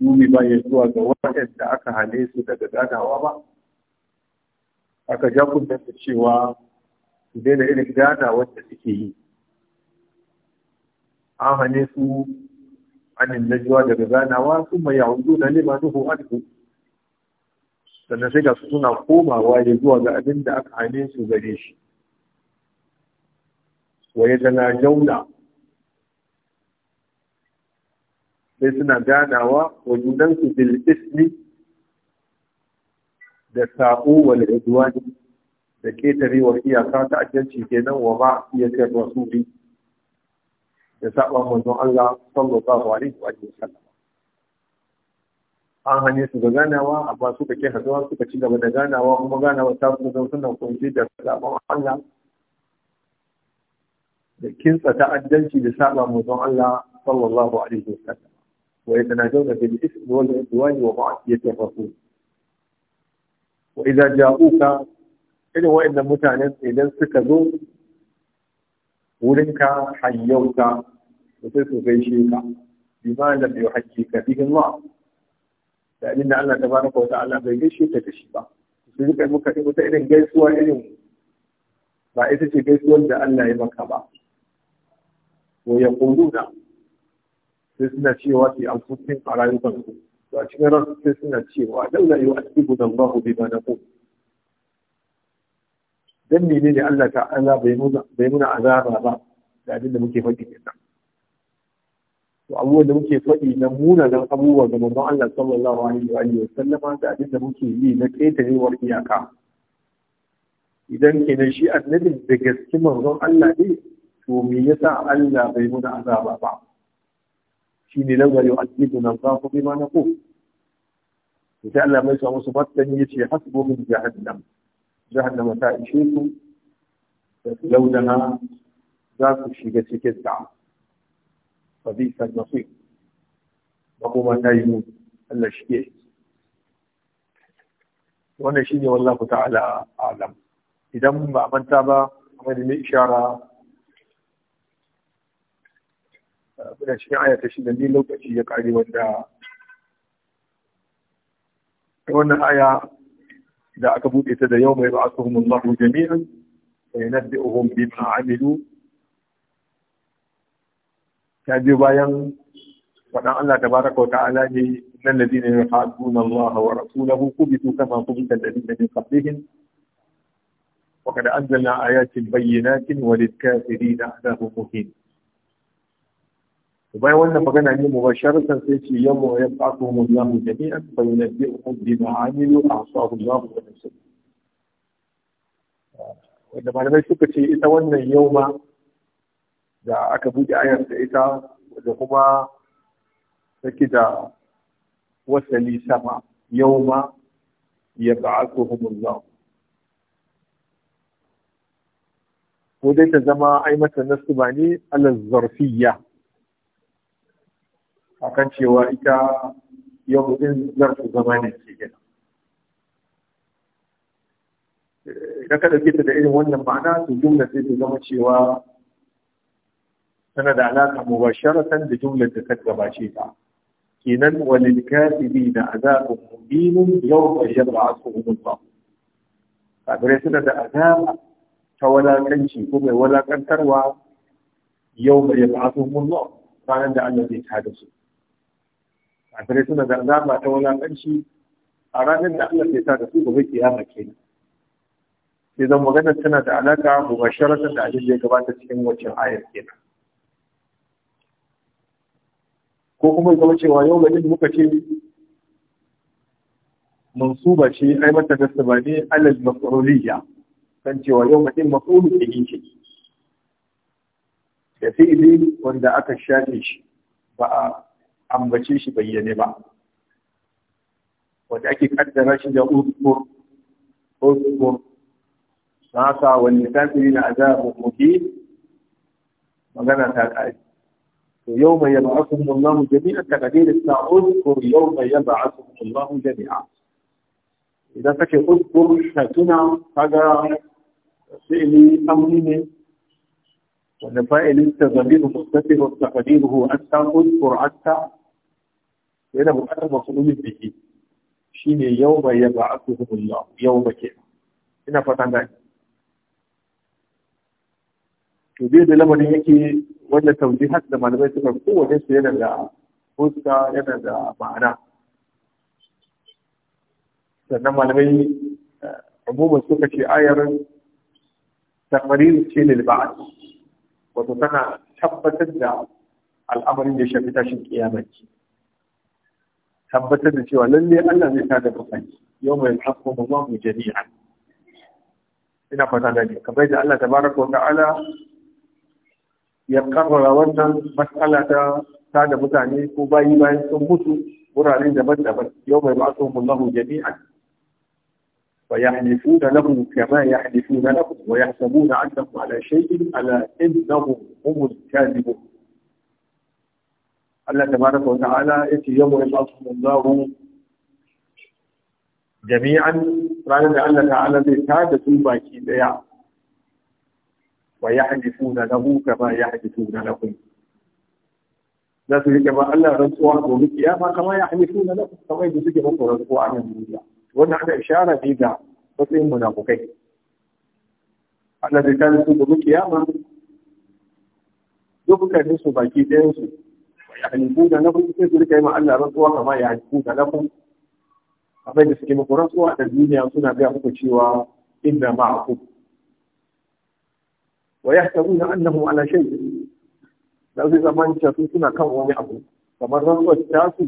mumi ba ya zuwa ga waɗanda aka hane su daga gadawa ba aka ja da cewa su daina irin gada wanda suke yi an hane su anin najuwa daga ganawa sun mai yawon na lima nuhu anhu sannan sai ga su suna komawa ya zuwa ga abin da aka hane su gare shi wa ya tana jauna sai suna ganawa wa junansu bil ismi da sa'u wal idwani da ketarewar iyaka ta ajanci kenan wa ma iya kai rasuli da saban manzon Allah sallallahu alaihi wa sallam an hanye su ga ganawa amma suka ke haduwa suka ci gaba da ganawa kuma ganawa ta kuma zan suna kunshi da saban Allah da kinsa ta'addanci da saba manzon Allah sallallahu alaihi wa sallam ويتناجون بالإثم والعدوان ومعصية الرسول وإذا جاءوك إن وإن متعنى إذا سكزوا ولنك حيوك وتسو غيشيك بما لم يحييك به الله لأن الله تبارك وتعالى بيغيشيك تشبه su rika muka ɗin wata irin gaisuwa irin ba ita ce gaisuwar da Allah ya maka ba. Wa ya ƙuluna sai suna cewa fi amfusin a rayukan su to a cikin ransu sai suna cewa dan la yu'adhibu Allahu bima naqul dan mene ne Allah ta'ala bai nuna bai nuna azaba ba da abin da muke faɗi kenan to abubuwan da muke faɗi na munanan abubuwa ga manzon Allah sallallahu alaihi wa alihi sallama da abin da muke yi na ƙetarewar iyaka idan kenan shi annabin da gaske manzon Allah ne to me yasa Allah bai nuna azaba ba ne shine laula yu'azzibuna Allahu na ko. sai Allah mai sa musu fattani yace hasbuhum jahannam jahannam ta ishe su laulaha za su shiga cikin ta fa bi sa Ba makoma ta yi mu Allah shi ke wannan shi shine wallahu ta'ala alam idan ba manta ba kamar da mai ishara muna cikin aya ta shida ne lokaci ya kare wanda wannan aya da aka buɗe ta da yau mai ba'atuhum Allahu jami'an wa yanabbi'uhum bima amilu ta biyo bayan faɗan Allah tabaraka wa ta'ala ne nan ladina yuhadduna Allah wa rasulahu kubitu kama kubita alladina min qablihim وقد أنزلنا آيات بينات وللكافرين عذاب مهين bayan wannan magana ne mubasharatan sai ce yamma ya fasu mu Allahu jami'an fa yunabbi'uhum bima amilu ahsabu Allahu wa nafsuhu wanda malamai suka ce ita wannan yauma da aka bude ayar da ita da kuma take da wasali sama yauma ya ba'athuhumullah ko dai ta zama ai mata nasu ba ne alal zarfiyya akan cewa ita yau din zarfi zama ne ke gina idan ka ɗauke ta da irin wannan ma'ana su jumla sai su zama cewa tana da alaƙa mubasharatan da jumlar da ta gabace ta kenan walil kafiri na azabun mubinun yau ba yadda a tsohon ba kafirai suna da azaba ta walakanci ko mai walakantarwa yau ba yadda a ba ranar da Allah zai tada su a tare suna da azaba ta wulaƙanci a ranar da Allah ke sa da su gobe kiyama ke sai zan magana tana da alaka ga mubasharatan da abin da ya gabata cikin A ayar kenan ko kuma zama cewa yau gani muka ce mansuba ce ai mata da sabani alal masruliya kan cewa yau din maf'ulu ke. ce da fi'ili wanda aka shafe shi ba a ambace shi bayyane ba wanda ake kaddara shi da uzkur uzkur nasa wani tafiri na azabu muhi magana ta kai to yau mai yab'akum Allah jami'a kadir sa uzkur yau mai yab'akum Allah jami'a idan kake uzkur shatuna kaga fi'li amri ne wanda fa'ilin tazamiru mustatir wa taqdiruhu anta uzkur anta yana buƙatar masu masulubin biki shine yawma yau ba ke ina fatan gani to bai da lamarin yake wanda har da malamai suka kowace su yana da fuska yana da ma'ana sannan malamai eh, abubuwan suka ce ayar tamarin ce lil ba'ad wato tana tabbatar da al'amarin da ya shafi tashin kiyamaki tabbatar da cewa lalle Allah zai tada bakwai yau mai hakku mu mu jami'a ina fata da ni kamar da Allah tabaraka wa ta'ala ya karrara wannan mas'ala ta tada mutane ko bayi bayan sun mutu wuraren daban-daban yau mai mu mu jami'a wa jami'an lahu kama كما يحلفون wa yahsabuna أنهم ala shay'in ala إنهم هم الكاذبون Allah tabaraka wa ta'ala yace yawma yab'athullahu jami'an ranar da Allah ta'ala zai tada su baki daya wa yahdithuna lahu kama yahdithuna lakum za su rike ba Allah rantsuwa ya kiyama kama yahdithuna lakum kama yadda suke muku rantsuwa a nan duniya wannan aka ishara ne ga matsayin munafukai Allah zai tada su gobe kiyama dukkanin su baki ɗayan su halifu da na kuma sai su rika yi ma Allah rantsuwa kama ya halifu da na kuma akwai da suke muku rantsuwa da duniya suna gaya muku cewa inna ma'akum wa na annahum ala shay da zai zaman su suna kan wani abu kamar rantsuwa ta su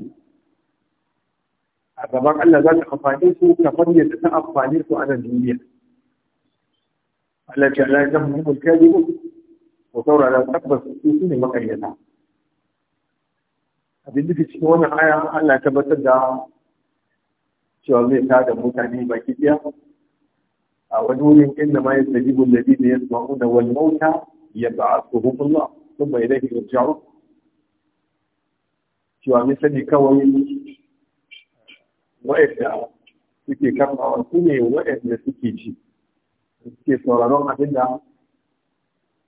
a gaban Allah za ta amfani su kamar yadda ta amfani su a nan duniya Allah ya ce Allah ya zama mulkadi ko saurara tabbas su ne makayyana abin da cikin wannan aya Allah ta tabbatar da cewa zai da mutane baki ɗaya a wani wurin inda ma ya sabi gullabi da ya samu da wani mauta ya ba a tsohon Allah sun bai da jawo cewa mai sani kawai wa'anda suke karɓawa su ne wa'anda suke ci suke sauraron abin da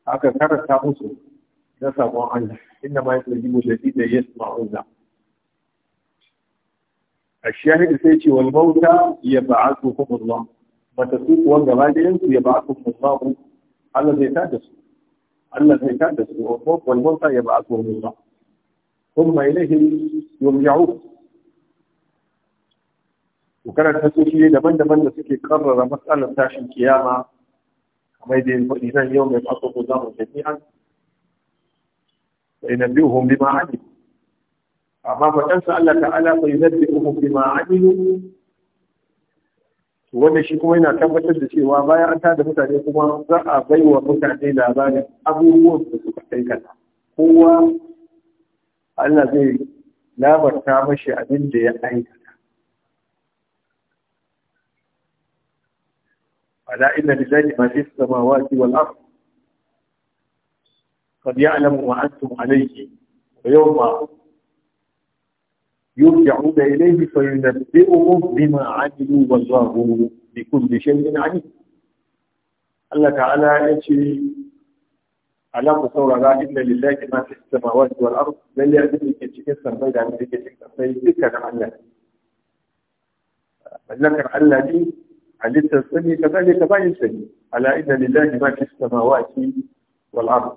aka karanta musu na saƙon Allah, inda ma yasa jibu da fi da yasa ma'uza. A shi ya sai ce wal mauta ya ba a su kuma zuwa, mata su kuwa gaba da yansu ya ba a su kuma zuwa ku, Allah zai tada su. Allah zai tada su, wal mauta ya ba a su kuma zuwa. Kun mai lahi yau ya hu. Ku karanta su daban-daban da suke karrara matsalar tashin kiyama, kamar da yin zan nan yau mai fasa ku zamu tafi an وينبئهم بما عملوا أما فتنسى الله تعالى فينبئهم بما عملوا wanda shi kuma yana tabbatar da cewa bayan an tada mutane kuma za a bai wa mutane labarin abubuwan da suka aikata kowa Allah zai labarta mashi abin da ya aikata ala inna lillahi ma fi samawati wal ardh قد يعلم ما أنتم عليه ويوم يرجعون إليه فينبئهم بما عملوا والله بكل شيء عليم الله تعالى يجي على مستوى إن لله ما في السماوات والأرض بل يأذن لك تشكين سمي لأن لك تشكين سمي ذكر الله ذكر الله دي على السمي كذلك ما سمي على إن لله ما في السماوات والأرض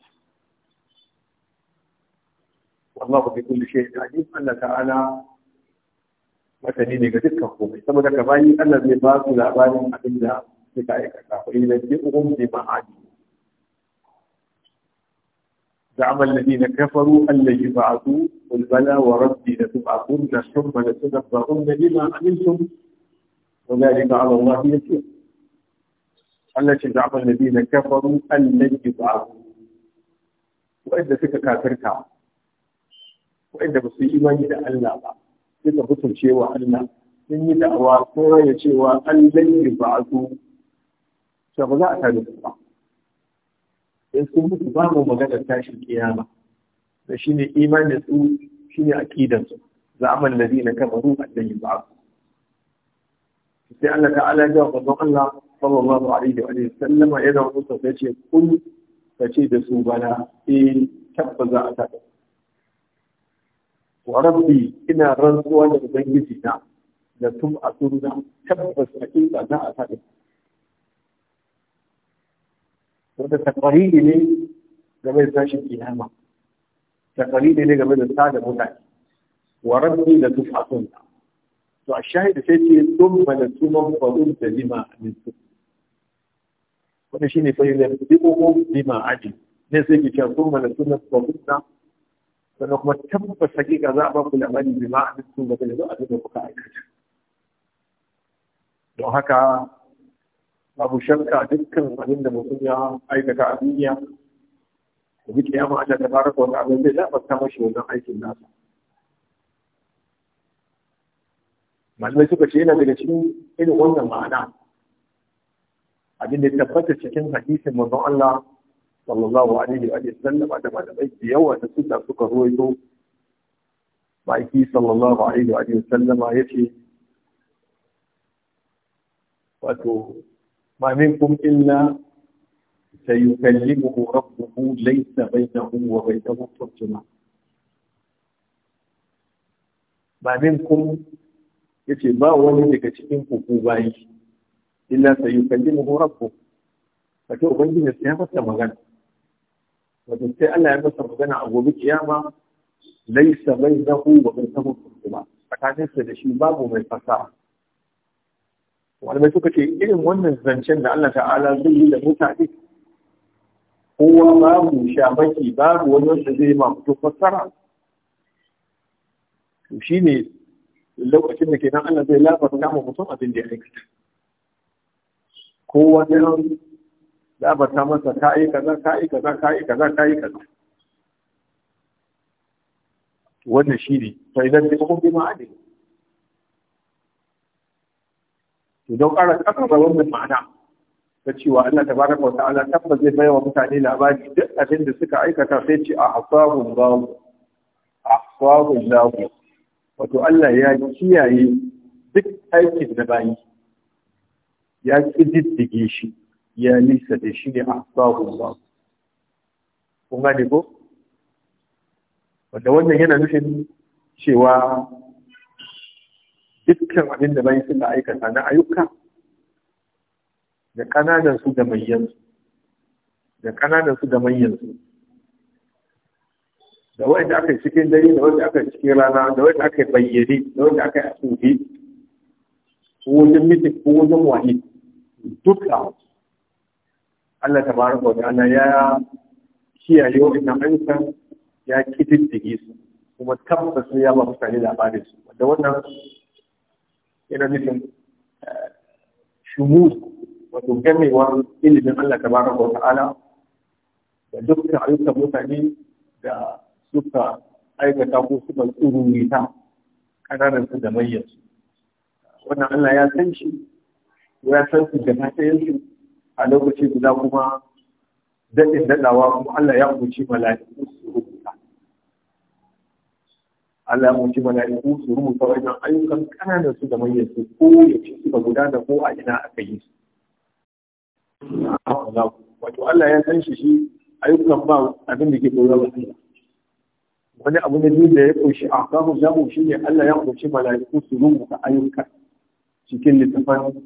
wallahu bi kulli shay'in Allah ta'ala masani ne ga dukkan komai saboda ka bayi Allah zai ba su labarin abin da suka aikata ko idan ji uhum bi ma'adi زعم الذين كفروا أن لن يبعثوا قل بلى وربي لتبعثن ثم لتنبؤن بما عملتم وذلك على الله يسير التي زعم الذين كفروا أن لن Wa وإذا suka كافرتها wa'inda ba su yi imani da Allah ba suka mutunce wa Allah sun yi da'awa ko ya cewa an zanyi ba a su sai ba za a tare su ba in sun mutu ba mu magana tashin kiyama da shi shine imanin su Za a shine akidan na za'aman ruwa da an ba su sai Allah ta'ala ya ga manzon Allah sallallahu alaihi wa sallama yana musu sai ce kun kace da su bana eh tabba za a tare wa ina rantsuwa da ubangiji na da tum a sunna tabbas a kinka za a faɗi wanda takariri ne game da tashi kiyama takariri ne game da da mutane wa da tum a sunna to a shahid sai ce tum ba da tuman da lima a nisu wanda shi ne fayyar da a aji ne sai ke cewa tum ba da tuman faɗin فنوخ ما تبقى حقيقة ذعبا في الأمان بما أحدثون بدل ذو أدد وبقاء الكتب وهكا أبو شمكا دكا مهند مدنيا أيضا كعبية وقلت لي أما أجل تبارك وتعالى لا بس كما شو ذا أيضا الناس ما لم يسوك شيئنا ذلك شيء إنه وانا معنا أجل نتبقى تشكين حديث من الله صلى الله عليه وسلم عندما لقيت يوا تسد فك رويته بعدي صلى الله عليه وسلم يشي واتو ما منكم إلا سيكلمه ربه ليس بينه وبينه ترجمة ما منكم يشي ما ولي لكتشين كوكوباي إلا سيكلمه ربه فتو بندي نسيان فتا مغانا wato sai Allah ya masa magana a gobe kiyama laisa bainahu wa bainahu ba tsakanin sa da shi babu mai fasa malamai suka ce irin wannan zancen da Allah ta'ala zai yi da mutane kowa babu shamaki babu wani wanda zai ma mutum fassara to shi ne lokacin da kenan Allah zai lafa mu mutum abin da ya aikata kowa labata masa ka yi kaza ka yi kaza ka yi kaza ka yi kaza wannan shi ne fa idan da kuma bima ade to don ƙara ƙasa da wannan ma'ana ta cewa Allah tabaraka wa ta'ala tabbas zai bayar wa mutane labari duk abin da suka aikata sai ce a asabun zawo ahsabu zawo wato Allah ya kiyaye duk aikin da bayi ya ƙididdige shi ya da shi ne a kun gane ko wanda wannan yana nufin cewa dukkan abin da bayan suna aikata na ayyuka da kananan su da manyan. da kananan su da su da wanda aka yi cikin dare da wanda aka yi cikin rana da wanda aka yi bayyane da wanda aka yi a tsofi ko wajen mitin ko wajen wani, duka Allah ta baraka wa ta'ala ya kiyaye wa'annan ayyukan ya kididdige su kuma tabbas ya ba mutane labarin su wanda wannan yana nufin eh, shumus wato gamewa ilimin Allah ta baraka wa ta'ala da dukkan ayyukan mutane da suka aikata ko suka tsururita kananan su da manyan su wannan Allah ya san shi ya san su da su a lokaci guda kuma daɗin daɗawa kuma Allah ya kuci mala'iku su rubuta Allah ya kuci mala'iku su rubuta wajen ayyukan ƙananan su da manyan su ko ya ci guda da ko a ina aka yi su wato Allah ya san shi shi ayyukan ba abin da ke koyar da Allah wani abu na biyu da ya ƙunshi a kafin zamu shi ne Allah ya kuci mala'iku su rubuta ayyuka cikin littafan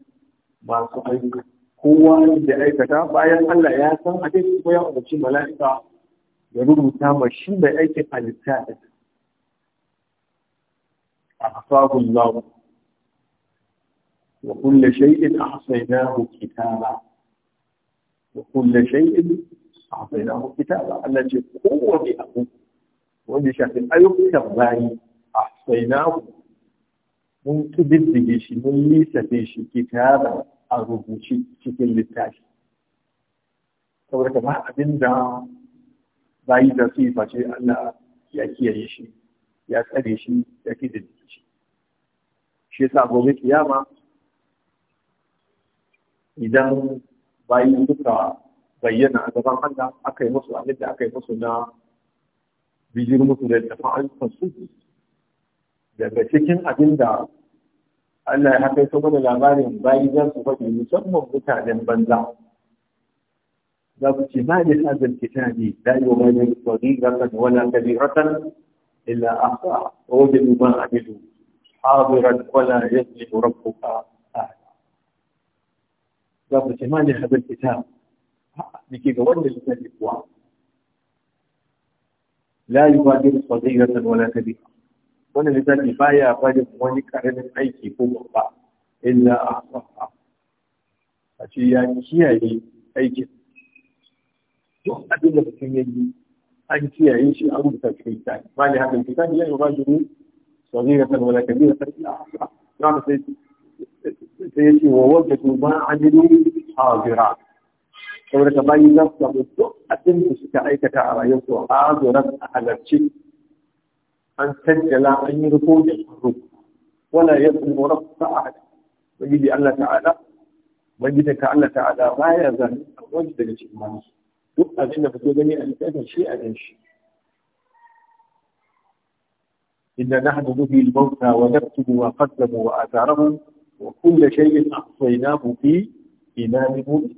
masu ayyuka kowa da aikata bayan Allah ya san a cikin kuma ya umarci mala'ika ya rubuta ma shi mai aikin halitta da a fasahun zamu wa kulle shay'in ahsaynahu kitaba wa kulle shay'in ahsaynahu kitaba Allah ce kowane abu wanda shafi ayyukan bayi ahsaynahu mun ƙididdige shi mun lissafe shi kitaba a rubuci cikin littafi saboda kama abinda abin da yi da su yi face Allah ya kiyaye shi ya tsare shi ya ƙididdige shi shi yasa gobe kiyama idan bayi suka bayyana a gaban Allah aka yi musu abin da aka yi musu na bijir musu da tafi ayyukan daga cikin abin da Allah ya haka ya da labarin bayi za su faɗi musamman mutanen banza za ku ce ma da ta kitabi la yughadiru saghiratan wala kabiratan illa ahsaha wa wajadu ma amilu hadiran wala yazlimu rabbuka ahada za su ce ma da hazar kitabi nake ga wanda littafi kuwa la yughadiru saghiratan wala kabiratan wani littafi baya bari wani karamin aiki ko babba illa a safa a ce ya kiyaye aikin to abin da mutum ya yi an kiyaye shi a rubuta kai littafi ba ne hakan littafi yana ba jini صغيرة ولا كبيرة إلا أحصاها نعم سيأتي ووجدوا ما عملوا حاضرا saboda ka bayi za su samu duk abin da suka aikata a rayuwa a zuran a halarci an tajjala an yi rikodin ruku wala ya tsoro rabba a hada Allah ta'ala ubangiji ka Allah ta'ala baya zan wani daga cikin mansu duk abin da fito gani a littafin shi a gan shi إن نحن نهي الموتى ونكتب ما قدموا وآثارهم وكل شيء أحصيناه في إمام مبين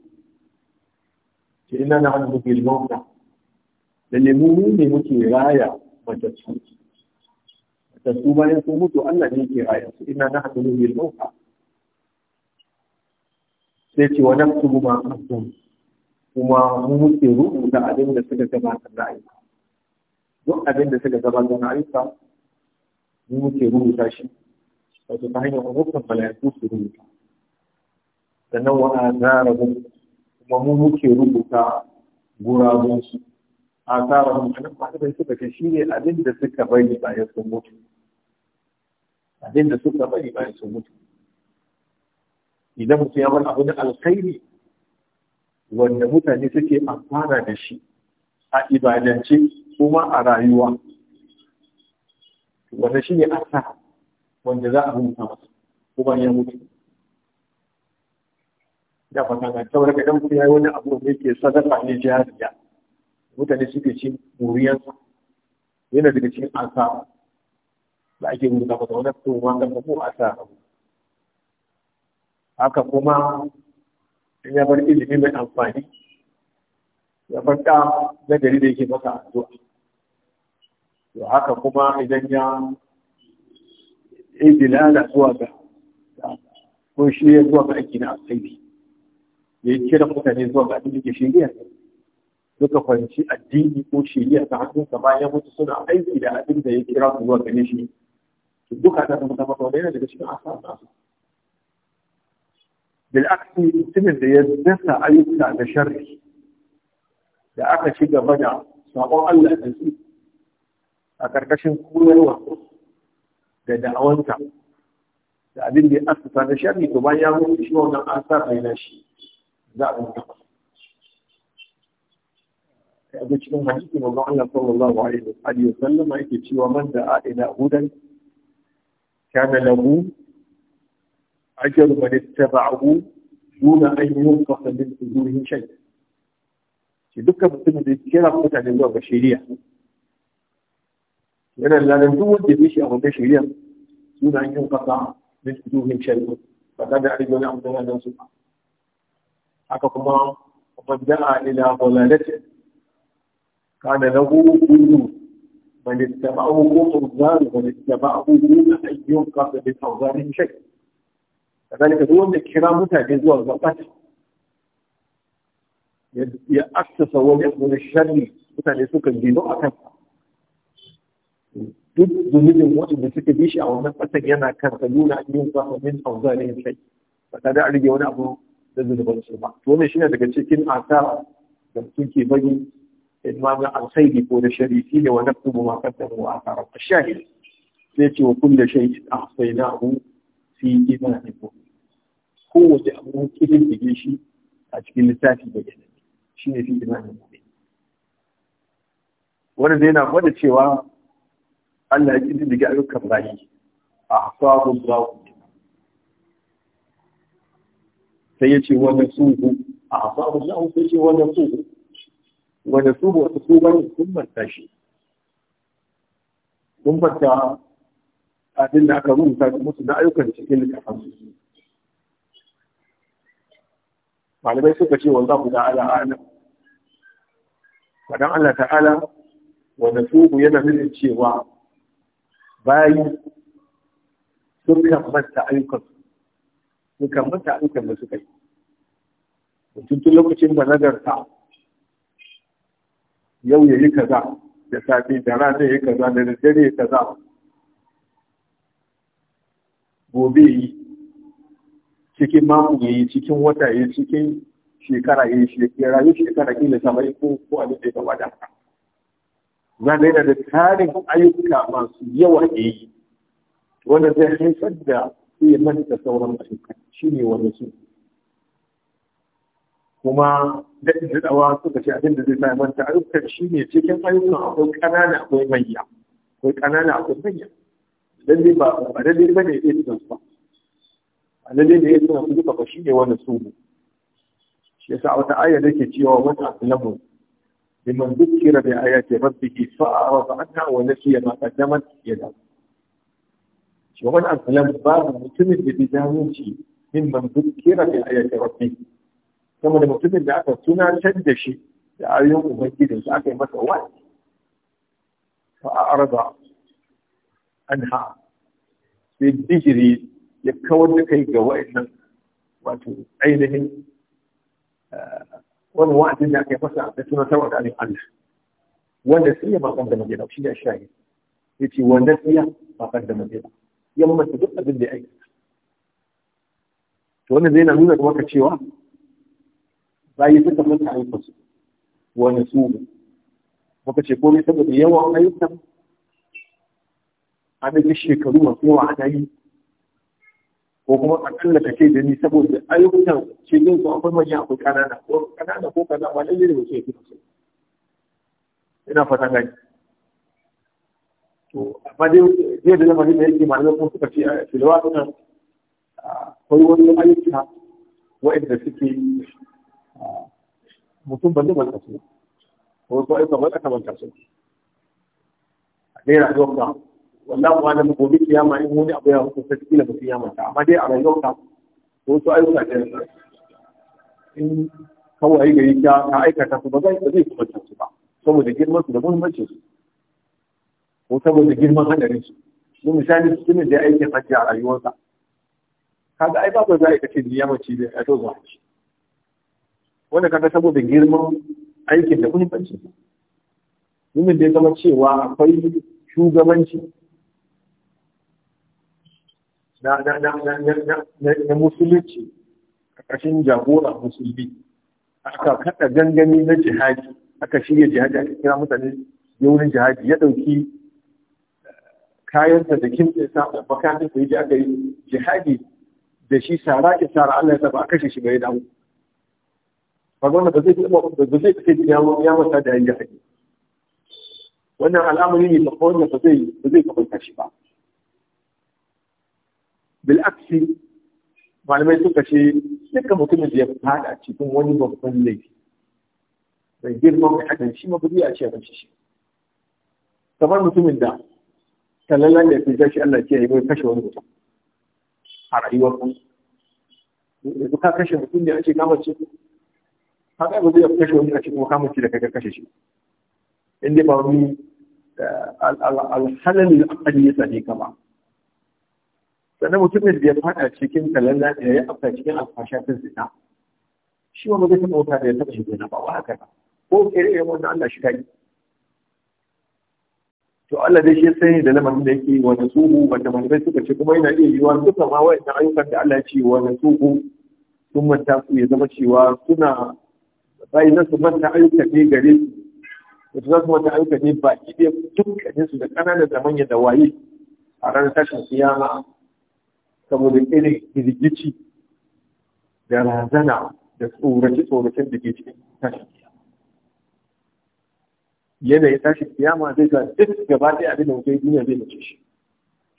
إن نحن نهي الموتى ne muke raya وتسويت da su bayan sun mutu Allah ne ke raya su ina na hadu ne lauka? sai ce wani su ma qaddam kuma mu muke rubuta abin da suka gabatar da ayyuka duk abin da suka gabatar da ayyuka mu muke rubuta shi wato ta hanyar hukumar malaiku su rubuta sannan wa mu? kuma mu muke rubuta gurabun su tsara anan masu bai suka ke shi ne abin da suka bari bayan sun mutu abin da suka bari bayan sun mutu idan mutum ya bar abu da alkhairi wanda mutane suke amfana da shi a ibadance kuma a rayuwa wanda shi ne asa wanda za a mutu, masa kuma ya mutu da fata ga tsawar ka dan kuma wani abu da yake sadaka ne jariya mutane suke cin muriyarsa yana daga cikin asa da ake rubuta masa wani su wanda ka ko a sa haka kuma in ya bar ilimi mai amfani ya bar ɗa na gari da yake a addu'a to haka kuma idan ya yi dilala zuwa ga ko shi ya zuwa ga aiki na alkhairi ya yi kira mutane zuwa ga abin da shari'a suka kwanci addini ko shari'a ta hannunsa bayan mutu suna aiki da abin da ya kira su zuwa ganin shi duka ta zama zama wanda yana daga cikin asar nasu bil'aksi mutumin da ya dasa ayyuka da sharri da aka ci gaba da sabon Allah da su a ƙarƙashin koyarwa da da'awanta da abin da ya asusa na sharri to bayan ya mutu shi wannan asar ne na shi za a mutu a cikin hadisi manzon Allah sallallahu alaihi wa sallam yake cewa man da a ina hudan كان له أجر من اتبعه دون أن ينقص من أجوره شيء. دكا مثل ما يتكلا قلت عن الله بشيرية. لأن لا ندور دبيشي أو بشيرية دون أن ينقص من أجوره شيء. فكان يعرف أن عبد الله بن سبحان. حقكما ومن دعا إلى ضلالته كان له كل من اتبعه قرآن ومن اتبعه دون أن ينقص من شيء فذلك هو من الكرام متعجز والزقات ya aksasa wani wani sharri mutane suka gino a kansa duk zunubin waɗanda suka bi shi a wannan ƙasar yana kan nuna an yi kwasa min auzarin shai ba tare a rage wani abu da zunuban su ba to wannan shine daga cikin asara da mutum bari ilmanin a sai ne ko da shari'i ne wa nan kuma wakar da a fara ta sai ce wa kunda shari'i a sai na sai yi ba a ɗaya ko wace abubuwan ƙirin da ke shi a cikin littafi da ɗaya shi ne fi ilmanin mabe wani zai na kwada cewa an na yi ɗin daga ayyukan bayi a kwakon zaun sai ya ce wani sun ku a kwakon zaun sai ce wani sun wanda su ba su bane sun manta shi sun manta abin da aka rubuta mutu na ayyukan cikin littafansu malamai suka ce wanda ku da ala ala fadan Allah ta'ala wanda su yana nufin cewa bayi sun kamata ayyukan sun kamata ayyukan da suka yi mutum tun lokacin balagarta yau ya yi kaza da safe da rana ya yi kaza da daddare ya kaza gobe yi cikin mako ya yi cikin wata ya cikin shekara ya yi rayu shekara kila da ko ko a da ya gaba da za da daina da tarin ayyuka masu yawa ya yi wanda zai haifar da su ya manta sauran ayyuka shi ne wani su kuma daɗin dawa suka ce abin da zai sa manta ayyukan shi ne cikin ayyukan akwai ƙanana akwai manya akwai ƙanana akwai manya ne ba ba lalle ba ne ya tuna su ba a lalle da ya tuna su duka ba shi ne wani su shi yasa wata aya da ke cewa wani aslamu liman dukkira bi ayati rabbih fa'arada anha wa nasiya ma qaddamat yada shi wani aslamu babu mutumin da bi damunci mimman dukkira bi ayati rabbi. da mutumin da aka shan da shi da ayoyin ubangijin su aka yi masa wani fa a arba anha sai digiri ya kawar da kai ga wa'annan wato ainihin eh, wani wa'adin da aka yi masa da tawar da alin Allah wanda sai ya makon da madina shi ne shayi ya ce wanda sai ya makon da madina ya mamata duk abin da ya aikata to wannan zai na nuna maka cewa rayukan mutane ba su wani su muka ce komai saboda yawan ayyukan an yi shekaru masu yawa a yi ko kuma akalla ka ce da ni saboda ayyukan cikin su akwai manya akwai kanana ko kanana ko kaza ba lalle ne ba ce fi ina fata gani to amma dai jiya da zama da yake malamai kuma suka ce a filawa suna akwai wani ayyuka waɗanda suke mutum ba zai manta su ko ko ai kamar aka manta su dai rayuwar ka wallahi ba da mu gobe kiyama in wani abu ya hukunta cikin ba kiyama ta amma dai a rayuwar ka ko to ai ka da in kawai gari ka ka aikata su ba zai ba zai kuma su ba saboda girman su da muhimmancin su ko saboda girman hadarin su mun misali su ne da aikin hajji a rayuwarsa kaga ai babu za a kace niyya mace da a to ba shi wanda kaga saboda girman aikin da muhimmanci mumin da ya zama cewa akwai shugabanci na na na na na na musulunci ƙarƙashin jagora musulmi aka kaɗa gangami na jihadi aka shirya jihadi aka kira mutane yaunin jihadi ya ɗauki eh, kayansa da kimtsinsa da makamin da yake aka yi jihadi da shi sara ke sara Allah ya saba aka shi shi bai dawo kaga wannan ba zai iya ba zai kace ya ya masa da yayi haƙi wannan al'amari ne ba wanda ba zai ba zai kafa shi ba bil aksi malamai suka ce duka mutumin da ya fada cikin wani babban laifi bai girma mai hakan shi ma buri a ce ba shi kamar mutumin da talalan da ya fi shi Allah ce ya yi mai kashe wani mutum a rayuwar ku yanzu ka kashe mutum da ya ce kamar ce haka ba zai kashe wani a cikin makamanci da kaga kashe shi in dai ba wani eh, alhalal al'aqali ya sade ka ba sannan mutumin da ya fada cikin kalalla da ya afta cikin alfasha ta zina shi wani ba zai taɓa wuta da ya taɓa shi na ba wa haka ba ko kere irin wanda Allah shi kai to Allah dai shi sai da lamarin da yake wani nasuhu wanda malamai suka ce kuma yana iya yiwuwa duka ma wa'annan ayyukan da Allah ya ce wani nasuhu sun manta su ya zama cewa suna bayan nan su manta ayyuka gare su da su zasu manta aikace ba baki ɗaya dukkanin su da ƙananan da manyan da waye a ranar tashin siyama saboda irin girgici da razana da tsoraci tsoraci da ke cikin tashin siyama yanayin tashin siyama zai ga duk gaba ɗaya abin da wuce duniya zai mace shi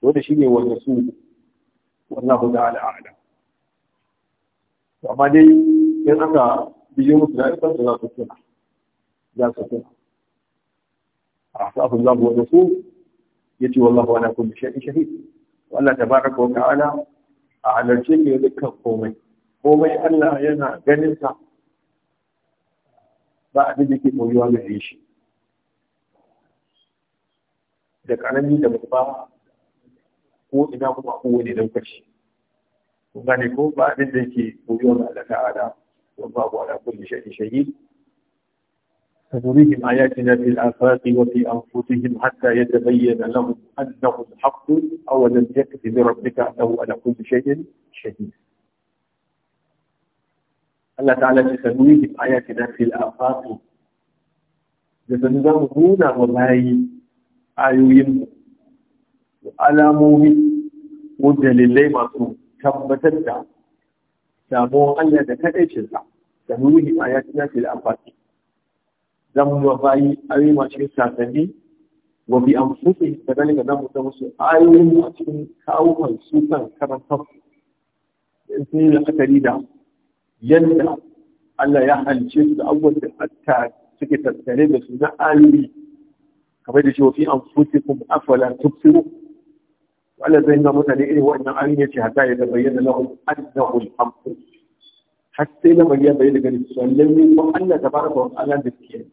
wanda shi ne wanda su wallahu ta'ala a'lam amma dai in aka biyo musu da ikon su za su tuna za su tuna a sa'afin zabu wa rasul ya ce wallahu ana kulli shay'in shahid Allah tabaraka wa ta'ala a halarce ne dukkan komai komai Allah yana ganin sa ba abin da ke koyuwa gare shi da karami da babba ko ina kuma kowane lokaci kun gane ko ba abin da ke koyuwa ga Allah ta'ala والله على كل شيء شهيد فنريهم آياتنا في الآفاق وفي أنفسهم حتى يتبين لهم أنه الحق أو لم يكف بربك أنه على كل شيء شهيد الله تعالى سنريهم آياتنا في الآفاق لسنزمهون والله آيوين وجل ودليل ما تثبتت samuwan Allah da sa da nuhi a ya tuna fil amfani zan ba bayi ayoyi masu sasanni wa bi amfusi da dalika za mu ta musu ayoyin a cikin kawukan su kan karantar in sun yi la'akari da yadda Allah ya halice su da abubuwan da aka suke tattare da su na ayoyi kamar da shi wa fi amfusi kuma afala tufsiru Allah zai nuna mutane irin wannan ayoyi ce hatta ya bayyana lahum annahu al har sai na bayyana bayyana gani sannan ne ko Allah tabaraka wa ta'ala da ke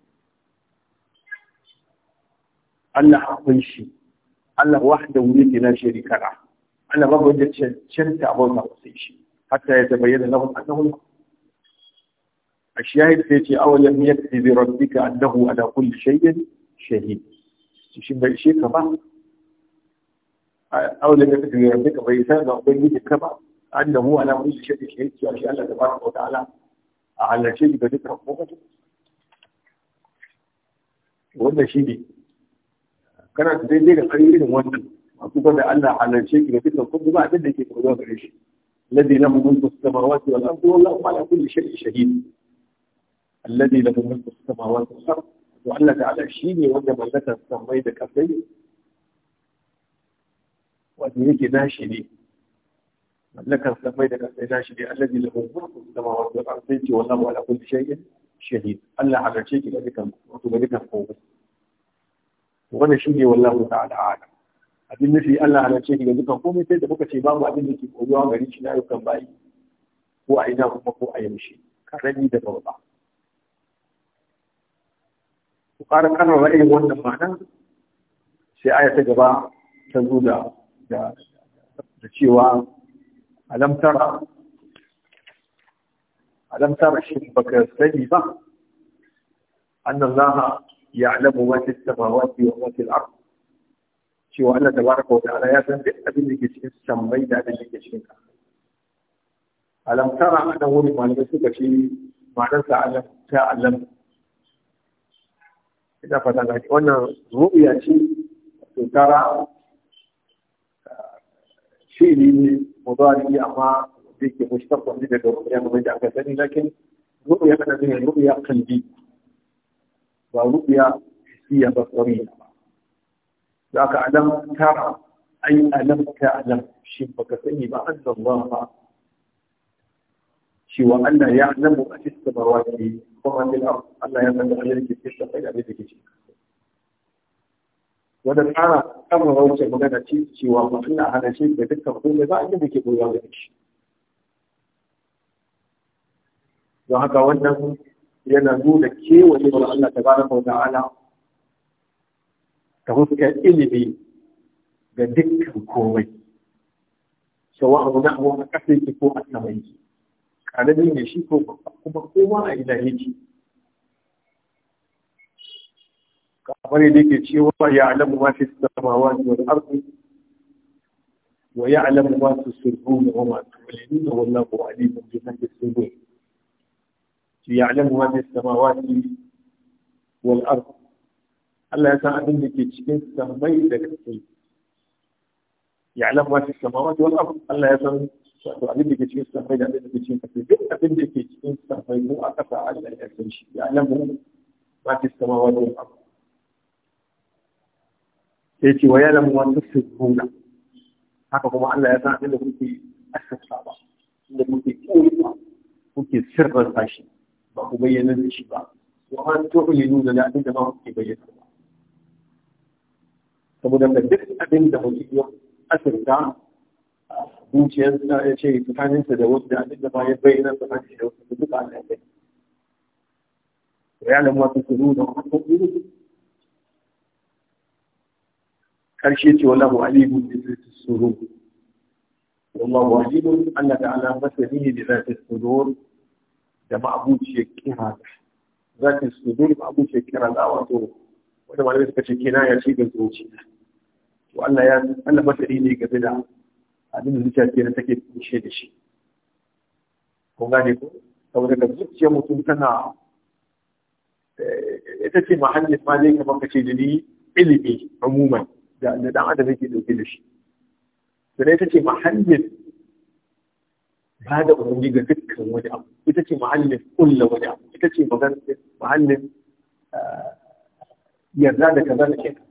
Allah akwai kunshi, Allah wahdahu yake na sharika la Allah babu wanda cancanta abota sai shi hatta ya bayyana lahum annahu al-haqq الشاهد في أولم يكفي بربك أنه على كل شيء شهيد. شيء بيشيك aure da kake yarda ka bai san ga ubangiji ka ba annahu ala cewa shi Allah tabaraka ta'ala a halarce shi ga wanda shi ne kana da daidai da kari wannan masu gwada Allah halarce ki ga ba abin da ke gare shi الذي له ملك السماوات والارض والله على كل شيء شهيد الذي له ملك السماوات والارض وعلك على شيء وجب لك السمي بكفيه wanda yake nashi ne mallakan samai da kasai nashi ne allazi lahu mulku samawati wal sai ce wallahu ala kulli shay'in shahid Allah halarce ki da dukan wato da dukan kowa wannan shi ne wallahu ta'ala alam abin nufi Allah halarce ki da dukan komai sai da kuka ce babu abin da ke koyuwa gari shi na ayyukan bayi ko a ina kuma ko a yaushe karami da babba ku ƙara ƙarfafa irin wannan ma'ana sai aya ta gaba ta zo da da cewa alamtar alamtar shi baka sani ba annan laha ya alamu wata samawati wa wata al'ar cewa Allah da baraka wa ta'ala ya san duk abin da ke cikin sammai da abin da ke cikin ka alamtara a nan wurin malamai suka ce ma'anarsa alam ta alam ina fata ga wannan ru'ya ce to tara fi'ili ne mudari amma da yake mushtaq wani daga ru'ya kamar da aka sani lakin ru'ya kana da kan bi, ba ru'ya hissiya ba tsariya ba Za ka alam tara ai alam ta alam shi ka sani ba an Allah ba shi wa Allah ya alamu a cikin samawati ko an Allah ya san da Allah yake cikin da yake cikin wanda tsara kama wancan magana ce cewa mutum na hana shi da dukkan komai ba inda da ke goyon da shi don haka wannan yana nuna kewaye da Allah ta baraka wa ala ta huskar ilimi ga dukkan komai Sawa wani na'u a ƙasa yake ko a sama yake ƙarami ne shi ko kuma kowa a ilahi yake wani da ya alamu ma fi samawati wal ardi wa ya alamu ma wa ma tu'linuna wallahu ya alamu ma fi samawati wal ardi Allah ya san abin da ke cikin samai da kasai ya alamu ma fi samawati wal ardi Allah ya san wato abin da ke cikin samai da abin da ke cikin kasai duk abin da ke cikin samai ko a kasa Allah ya san shi ya alamu ma fi samawati wal sai ce wa yalamu wa tusirruna haka kuma Allah ya san abin da kuke asirta ba inda kuke koyewa kuke sirrin sashi ba ku bayyana da shi ba wa an tu'linu da abin da ba kuke bayyana ba saboda da duk abin da mutum ya asirta zuciyarsa ya ce tsakaninsa da wasu da abin da ba ya bayyana tsakaninsa da wasu da duka Allah ya bayyana. Ya lamu wata suru da wata suru karshe ce wallahu alimun bi zati sudur wallahu alimun Allah ta'ala masani bi zati sudur da ma'abuci kira zati sudur ma'abuci kira da wato wanda malamai suka ce kina ya ce ga zuci to Allah ya Allah masani ne ga da abin da zuciya ke take kushe da shi kun gane ko saboda ga zuciyar mutum tana eh, ita ce mahallin ma dai kamar ka ce jini ilimi umuman da dan adam yake dauke da shi sai ita ce mahallin ba da umarni ga dukkan wani abu ita ce mahallin kulla wani abu ita ce mahallin eh, yarda da kaza da kenan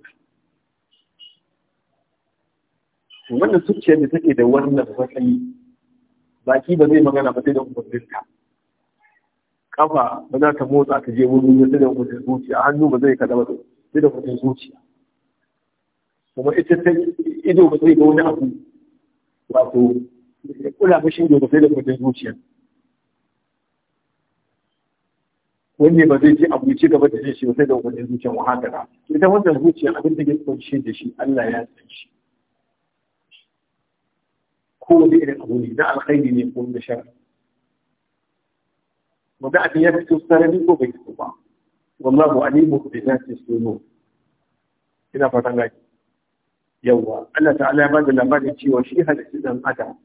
wannan zuciyar da take da wannan matsayi baki ba zai magana ba sai da umarninta kafa ba za ta motsa ta je wurin sai da umarnin zuciya hannu ba zai kaza ba sai da umarnin zuciya kuma ita ta ido ba zai ga wani abu wato kula mashi ido ba da kudin zuciya wanne ba zai ji abu ci gaba da zai shi sai da kudin zuciya wa haka da ita wannan zuciya abin da ke shi da shi Allah ya san shi ko da irin abu ne na alkhairi ne ko na shar wanda abin ya fito sarari ko bai fito ba wallahu alimu bi zati sunu ina fatan gaki Yawwa, Allah ta'ala ya bada labarin cewa shi halittu dan adam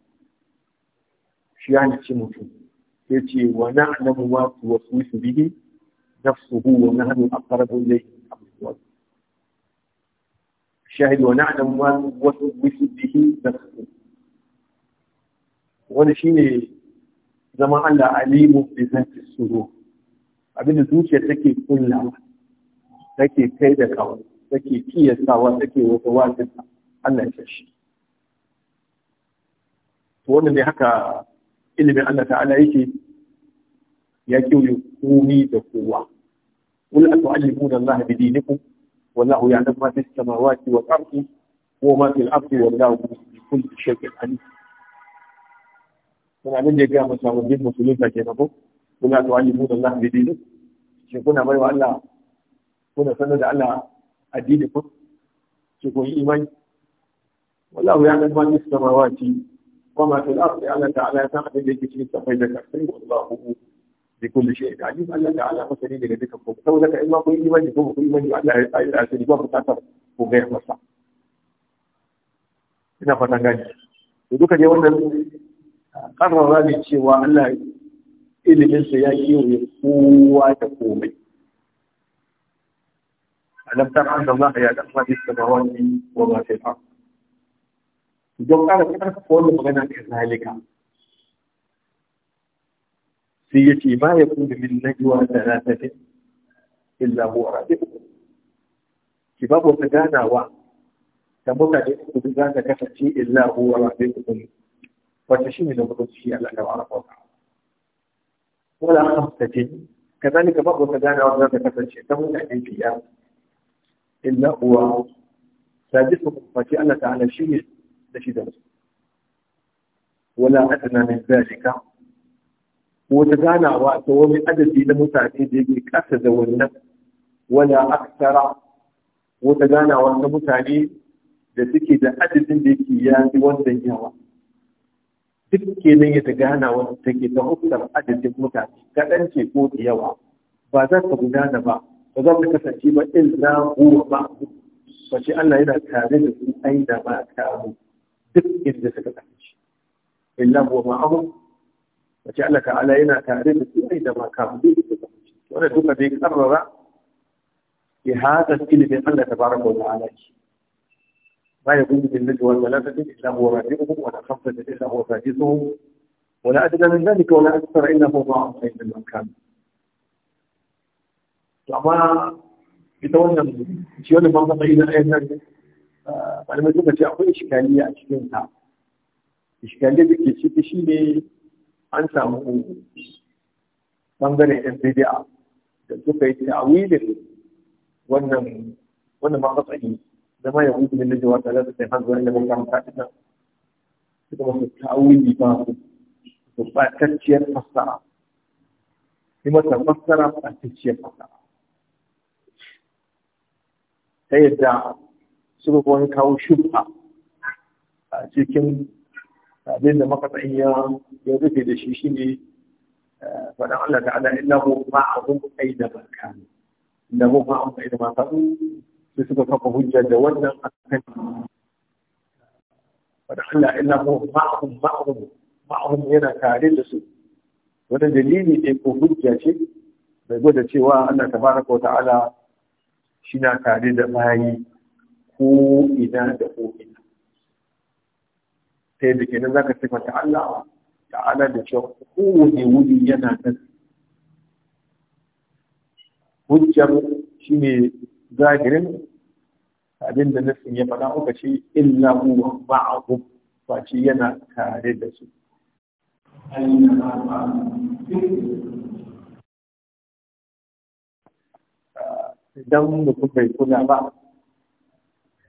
shi halitta mutum ya ce wa na'lamu ma tuwaswisu bihi nafsuhu wa nahnu aqrabu ilayhi shahid wa na'lamu ma tuwaswisu bihi nafsuhu wani shine zama Allah alimu bi zati suru. abinda zuciya take kullawa take kai da kawai take kiyasawa take wata wasinta Allah ya shi to wannan ne haka ilimin Allah ta'ala yake ya kiwo komi da kowa قل ya الله بدينكم والله يعلم ما في السماوات والأرض وما ma الأرض والله بكل شيء عليم من abin da ya gaya masa wajen musulunta ke na ko kuna tu'allimu da Allah diniku. shi kuna wa Allah kuna sanar da Allah addini ku shi kun yi imani wallahu ya nan mani samawati wa ma fil ardi Allah ta'ala ya san da yake cikin safai da kasai wallahu bi kulli shay'in alim Allah ta'ala masani daga duka ko saboda ka in ma ku imani ko ku imani Allah ya tsaya da shi ba ku tsata ku ga masa ina fatan gani to duka wannan karrara ne cewa Allah iliminsa ya kewaye kowa da komai ألم تر أن الله يعلم ما في السماوات وما في الأرض don ƙara ƙarfafa wannan magana ka zalika sai ya ce ma ya kuma min najwa da ratatin illa huwa rabi'ukum ki babu wata ganawa da mutane uku za ta kasance illa huwa rabi'ukum wata shine da mutum shi Allah da wa'ala wa wala khamsatin kazalika babu wata ganawa za ta kasance ta mutane biyar illa huwa sadisukum fa Allah ta'ala shi ne da shi da su wala adna min zalika ko ta ganawa ta wani adadi na mutane da yake kasa da wannan wala aksara Wata ta ganawa ta mutane da suke da adadin da yake ya fi wannan yawa duk kenan ya ta ganawa take ta hukumar adadin mutane kaɗan ce ko da yawa ba za ta gudana ba ba za ta kasance ba in na ba ba ce Allah yana tare da su aina ba kamu ولكن يجب ان يكون هناك افضل من اجل ان يكون هناك افضل من اجل ان يكون هناك افضل من اجل ان يكون هناك افضل من اجل ان يكون هناك افضل من اجل ان يكون هناك افضل من اجل ان يكون هناك افضل من اجل ان يكون هناك افضل من اجل ان يكون هناك افضل من اجل ان يكون هناك افضل من اجل ان يكون malamai suka ce akwai iskaliya a cikin ta iskaliya da ke ciki shine an samu bangaren yan bidi'a da suka yi ta'awilin wannan wannan makasari zama ya hudu da jawa tare da sai hanzu wani daga kan fadina suka masu ta'awili ba su gurbatacciyar fassara yi mata fassara a cikin fassara ta yadda suka kuma kawo shubha a cikin abin da makatsayin ya rufe da shi shine eh, faɗin Allah ta'ala innahu ma'ahum aina makani kai da aina ne sai suka kafa hujja da wannan akan faɗin Allah innahu ma'ahum ma'ahum ma'ahum yana tare da su wani dalili ne ko hujja ce bai gwada cewa Allah tabaraka wa ta'ala shi na tare da bayi ko ina da ko ina sai yadda kenan zaka sifanta Allah ta'ala da cewa kowane wuri yana nan hujjar ne zahirin abin da nufin ya faɗa uka ce illa huwa ma'ahu face yana tare da su idan mutum bai kula ba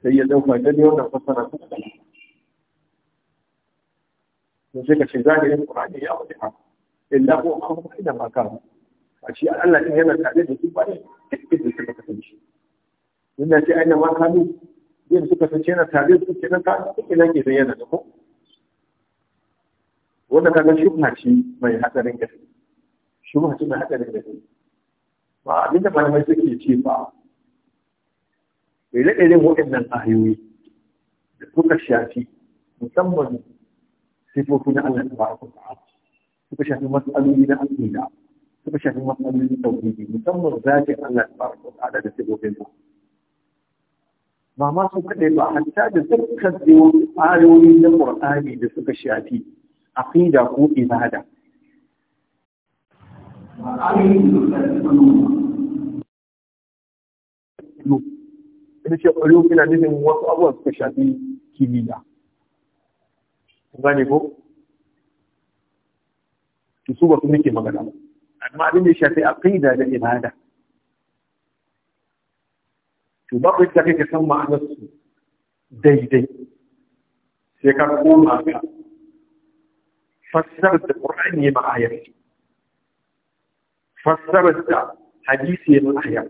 sai ya ɗauka da ne wannan fassara ta da sun sai ka ce ƙura ƙurani ya wuce ha illa ko an kuma ina maka a shi Allah ɗin yana tare da su ba ne duk da suka kasance inda ce aina ma ne? yin suka ce yana tare da su kenan ka duk ina ke da yana da ko wanda kaga shubha ce mai hatsarin gaske shubha ce mai hatsarin gaske ba abinda malamai suke ce ba ire-iren waɗannan ayoyi da suka shafi musamman sifofi na Allah tabaraka wa suka shafi matsaloli na aqida suka shafi matsaloli na tauhidi musamman zatin Allah tabaraka wa ta'ala da sifofin sa ba ma su kaɗai ba hatta da dukkan ayoyi na Qur'ani da suka shafi aqida ko ibada Thank you. da ce ulum ina nufin wasu abubuwan suka shafi kimiyya gane ko to su ba su muke magana ba amma abin da ya shafi aqida da ibada to ba ku ta kake san ma'anar su daidai sai ka koma ka fassara da qur'ani ma ayar fassara da hadisi ma ayar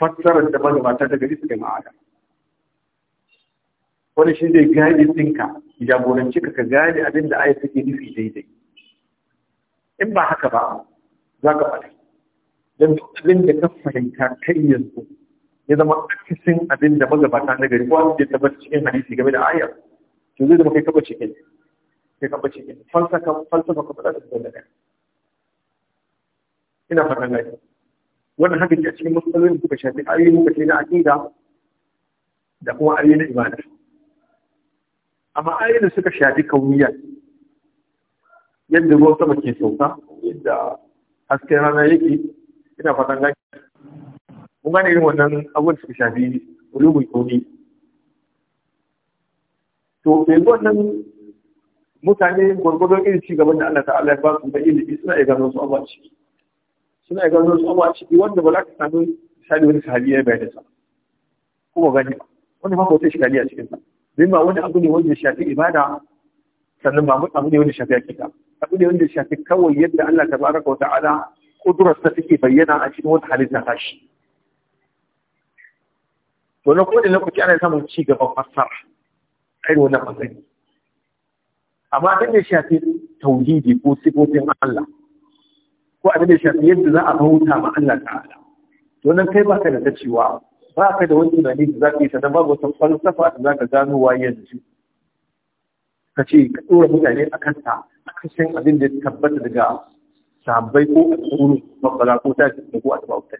fassarar da magabata daga gari su yi ma'ada wani shi zai gane ɗinka jagoranci ka ka gane abin da aya take nufi daidai in ba haka ba za ka faɗi don abin da ka fahimta kai yanzu ya zama akisin abin da magabata na gari wani da tabbata cikin hadisi game da ayyar to zai zama kai kaba cikin kai kaba cikin falsafa falsafa ka faɗa da gari. ina fatan lafiya wannan haka ne a cikin matsalolin da suka shafi ayoyin lokaci na aƙida da kuma ayoyi na ibada amma ayoyin da suka shafi kauniya yadda ruwan sama ke sauka yadda hasken rana yake ina fatan gani mun gane irin wannan abubuwan suka shafi ulumul kauni to yanzu wannan mutane gwargwadon irin cigaban da Allah ta'ala ya ba su da ilimi suna iya gano su abuwa ciki suna ga wasu abuwa ciki wanda ba za ka sami misali wani sahabi ya bayar da sa kuma gani Wani ba wata shigali a cikin sa ba wani abu ne wanda shafi ibada sannan ba abu ne wanda shafi akida abu ne wanda shafi kawai yadda Allah ta tabaraka wa ta'ala kudurarsa take bayyana a cikin wata halitta ta shi to na kowane lokaci ana samun ci gaban fassara kai wannan magani amma dan da shafi tauhidi ko sifofin Allah ko a da shafi yadda za a bauta ma Allah ta'ala to nan kai baka da ta cewa ba ka da wani tunani da za ka yi sannan babu san falsafa da za ka gano wa yanzu ka ce ka ɗora mutane a kanta a kashin abin da ya tabbata daga sahabbai ko a tsoro ko ta ce ko a taɓa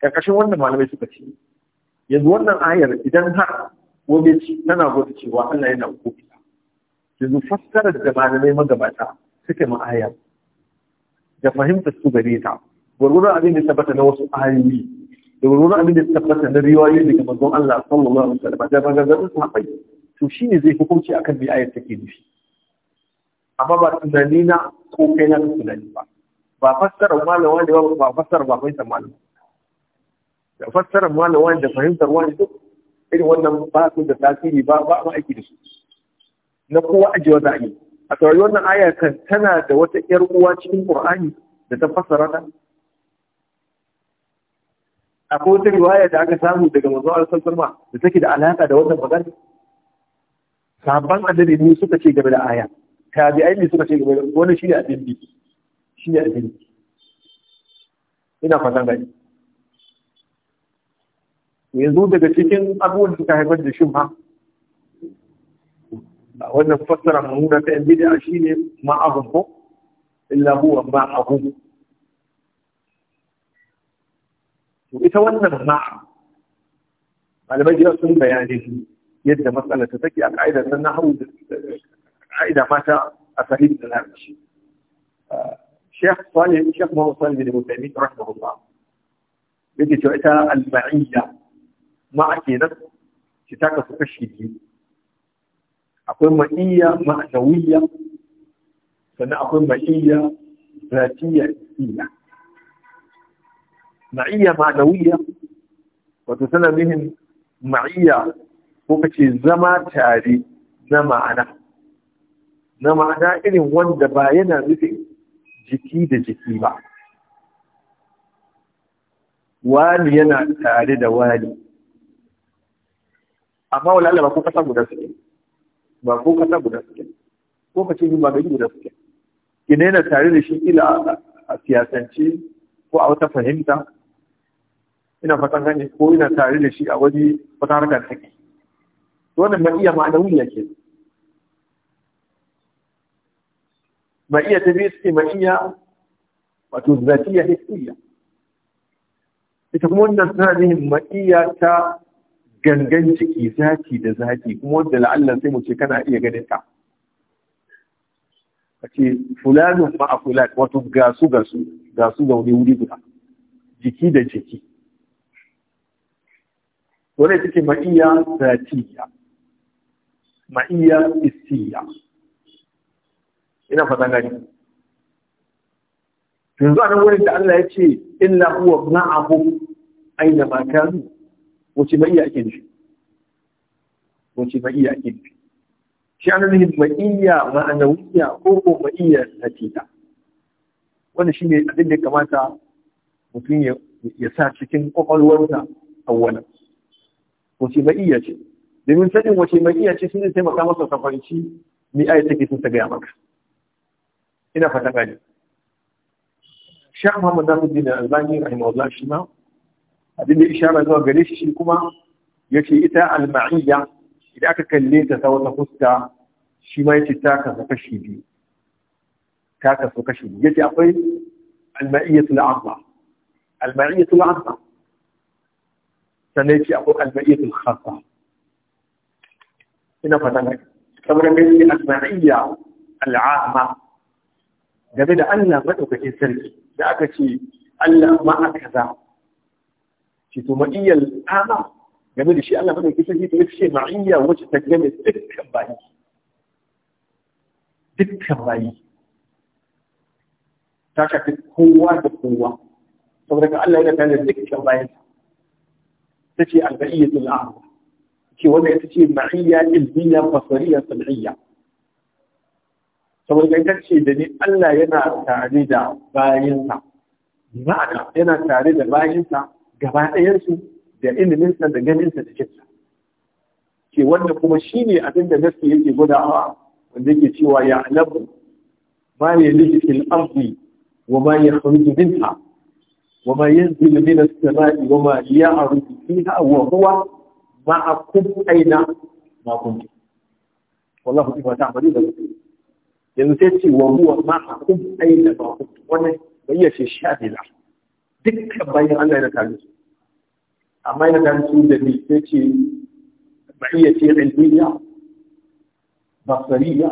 karkashin wannan malamai suka ce yanzu wannan ayar idan har wani ci tana gwada cewa Allah yana hukunta yanzu fassarar da malamai magabata suke ma da fahimtar su gare ta gurgurun abin da tabbata na wasu ayoyi da gurgurun abin da tabbata na riwayoyi daga manzon Allah sallallahu alaihi wasallam da su sahabbai to shine zai hukunci akan bi ayar take nufi amma ba tunani na ko kai na tunani ba ba fassara malam wani ba ba fassara ba fahimtar malam da fassara malam wani da fahimtar wani duk irin wannan ba su da tasiri ba ba aiki da su na kowa ajiye a aiki a saurari wannan aya tana da wata ‘yar uwa cikin ƙur'ani da ta fassara ta. Akwai wata riwaya da aka samu daga manzo Allah ma da take da alaƙa da wannan magana. Sabon annabi ne suka ce game da aya. Tabi'ai ne suka ce game da wannan shine abin bi. Shine abin. Ina fatan gani. Yanzu daga cikin abubuwan da suka haifar da ma wannan fassara mummuna ta yanzu da shi ne ma'ahun ko illa huwa ma'ahun to ita wannan ma'a malamai jiya sun bayani yadda matsala ta take a ka'idar san na hau ka'ida mata a sahihi da larabci Sheikh Salih Sheikh Muhammad Salih bin Mutaimin rahimahullah yake cewa ita al-ma'iyya ma'a kenan ki taka su kashi biyu akwai ma'iyya ma'anawiyya sannan akwai ma'iyya zatiyya iya ma'iyya ma'anawiyya wato tana nihin ma'iyya ko kace zama tare na ma'ana na ma'ana irin wanda ba yana nufin jiki da jiki ba wani yana tare da wani amma wala ba ko kasa guda suke ba ko kasa guda suke ko ka ce ba gari guda suke ki na tare da shi kila a siyasance ko a wata fahimta ina fatan gani ko ina tare da shi a waje wata harkar take to wannan ba iya wuya ke ba iya ta biyu suke ma iya wato zatiya hissiya ita kuma wannan suna nihin ma'iya ta gangan ciki zaki da zaki kuma wanda la'allan sai mu ce kana iya ganin ta a ce fulani ma a fulani wato gasu gasu gasu Wani wuri guda jiki da jiki wane take ma'iya zatiya ma'iya istiya ina fata gani yanzu a nan wurin da Allah ya ce illa huwa abu aina ma kanu wace iya ake nufi wace iya ake nufi shi ana nufin ma'iyya wuya ko ko na hakika wannan shi ne abin da kamata mutum ya sa cikin kwakwalwarsa awwalan wace iya ce domin sanin wace iya ce sun zai taimaka masa kafarci ni ayat take sun ta gaya maka ina fata gani Sheikh Muhammad Nasiruddin Al-Albani rahimahullah shi ma abinda ishara zuwa gare shi shi kuma yace ita alma'iyya idan aka kalle ta ta wata fuska shi ma yace ta kasu kashi biyu ta kasu kashi biyu yace akwai al-ma'iyyatu al-'azma al-ma'iyyatu al-'azma sannan akwai al-ma'iyyatu al ina fata ne saboda mai al-ma'iyya al game da Allah madaukakin sarki da aka ce Allah ma aka za shi to ma'iyyar ana game da shi Allah mana kisa shi to ya ce ma'iyya wacce ta game dukkan bayi dukkan bayi ta shafi kowa da kowa saboda ka Allah yana tare da dukkan bayan ta ce alba'iyyatul a'ma ce wanda ita ce ma'iyya ilmiya basariya sam'iyya saboda ita ce da ni Allah yana tare da bayansa ma'ana yana tare da bayansa gaba ɗayansu da iliminsa da ganinsa da jinsa ke wanda kuma shi ne abin da gaske yake gudawa wanda yake cewa ya alabu ma ya liji fil ardi wa ma ya kharuju minha wa ma yanzilu min as-sama'i wa ma ya'ruju fiha wa huwa ma'akum aina ma kuntum wallahu bima ta'malun basir yanzu sai ce wa huwa kuma aina ma kuntum wannan bayyana shi shabila dukkan bayan Allah yana tare su amma yana tare su da me sai ce ba'iyya ce ilmiya basariya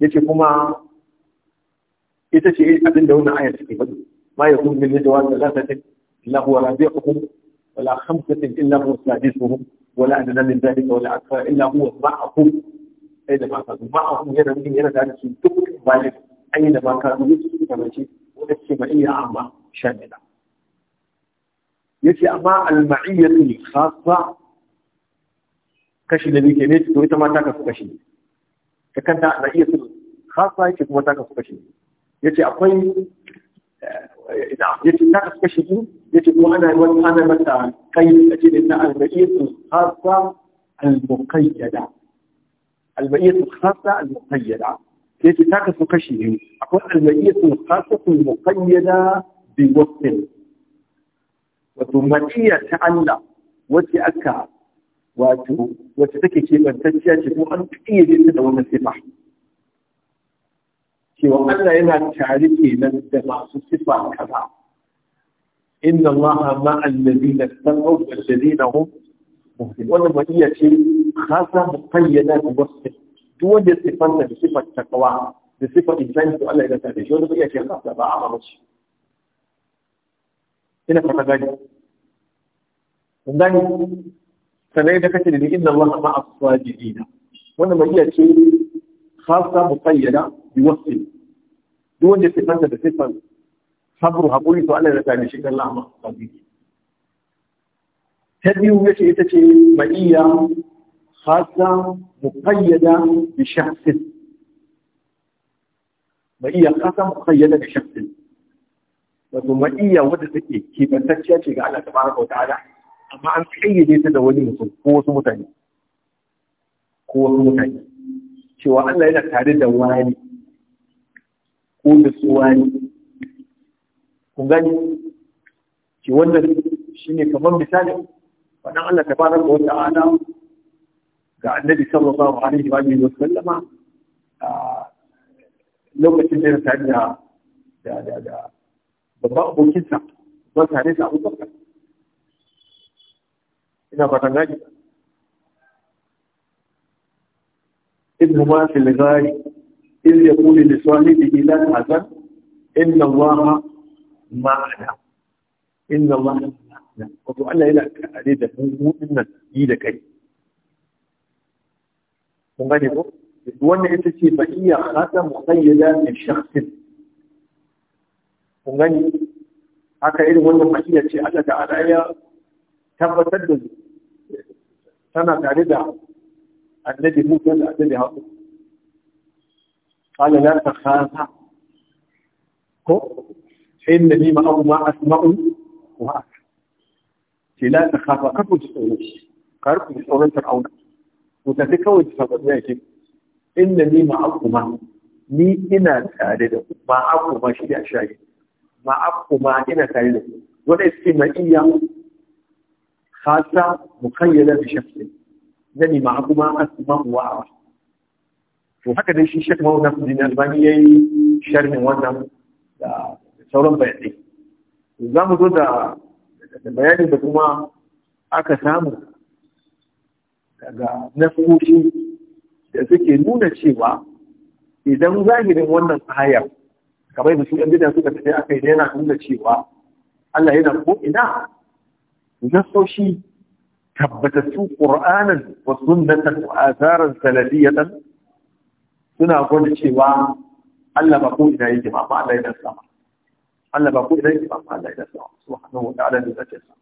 ya ce kuma ita ce abin da wani aya ayar take bada ma ya yakun min najwa thalathatin illa huwa rabi'uhum wala khamsatin illa huwa sadisuhum wala adna min dhalika wala akthar illa huwa ma'ahum ai da ma'ahum ma'ahum yana nufin yana tare su duk bayan an yi da ba ka zuwa su da mace wanda ce ma iya amma shamila ce amma al-ma'iyyatu khassa kashi da biyu ne to ita ma ta kasu kashi ta kanta al-ma'iyyatu khassa yake kuma ta kasu kashi Ya ce akwai ya ce ta kasu kashi Ya ce kuma ana wani ana mata kai yace da ta al-ma'iyyatu khassa al-muqayyada al-ma'iyyatu khassa يجي تاخذ كشيء اقول المجيه خاصه مقيده بوقت وتمتية تعلى وتي اكا واتو وتي تكي شيء من تجي تجي ان اي شيء تدور من السفح شيء وقال لا ينهى تعريفي من الدماء السفح كذا ان الله مع الذين اتقوا والذين هم مهتدون ولا مجيه خاصه مقيده بوقت duk wanda ya siffanta da siffar takawa da siffar insani to Allah ya gasa da shi wanda bai ce kansa ba a mace ina fata gani kun gani sanai da kace da inna Allah ma as-sajidina wannan mai iya ce khassa muqayyada bi wasfi duk wanda ya siffanta da siffar sabru haƙuri to Allah ya gasa da shi kan Allah ma as-sajidina ta biyu ce ita ce ma'iyya خاصة مقيدة بشخص مئية خاصة مقيدة بشخص ومئية ودتك كيف تكشف على تبارك وتعالى amma an kayyade ta wani mutum ko wasu mutane ko wasu mutane cewa Allah yana tare da wani ko da su wani kun gani ce wannan shine kamar misali faɗan Allah tabaraka wa ta'ala ga annabi sallallahu alaihi wa alihi wa sallama lokacin da ya tare da da da da babban abokinsa ba tare da abubakar ina fatan gaji إذ ما في الغاية إذ يقول لصاحبه in تحزن إن ma'ana in إن الله ma'ana wato Allah yana kare da mu nan yi da kai kun gane ko wannan ita ce ba iya hada muqayyada min shakhsin kun gane haka irin wannan makiya ce Allah ta'ala ya tabbatar da tana tare da annabi Musa da annabi Harun قال لا تخافا حين لي ما أو ما أسمع وأكل لا تخافا كفوا تسألون كفوا تسألون فرعون ku tafi kawai ki faɗa ya ce inna ni ma ma'akuma ni ina tare da ku ma'akuma shi da shayi ma'akuma ina tare da ku wanda yake ma'iyya khasa mukayyala bi shakhsin zani ma'akuma asma wa to haka dai shi Sheikh Muhammad Nasruddin Albani yi sharhin wannan da sauran bayanai za mu zo da bayanin da kuma aka samu daga nasoshi da suke nuna cewa idan zahirin wannan ayar kamar da su ɗan bidan suka tafi aka yi yana nuna cewa Allah yana ko ina nasoshi tabbatattu ƙur'anan wa sunnatan wa azaran salafiyatan suna gwada cewa Allah ba ko ina yake ba ba Allah yana sama Allah ba ko ina yake ba ba Allah yana sama subhanahu wa ta'ala da sama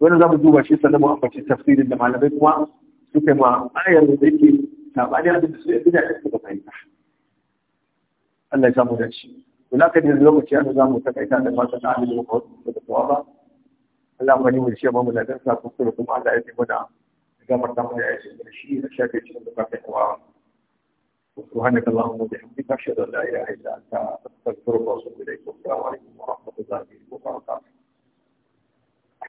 wani za mu duba shi sannan mu ambaci tafsirin da malamai kuma suke ma ayar da yake sabani abin da su yi da ake da fahimta Allah ya samu da shi don haka ne lokaci an za mu takaita da mata ta abin da muka da kowa ba Allah ya ni mu shi ba mu da dan ko kuma kuma Allah ya tabbata ga gamar da mu ya yi da shi da shafe cikin da kafin kowa سبحانك اللهم وبحمدك أشهد أن لا إله إلا أنت أستغفرك وأتوب إليك والسلام عليكم ورحمة الله وبركاته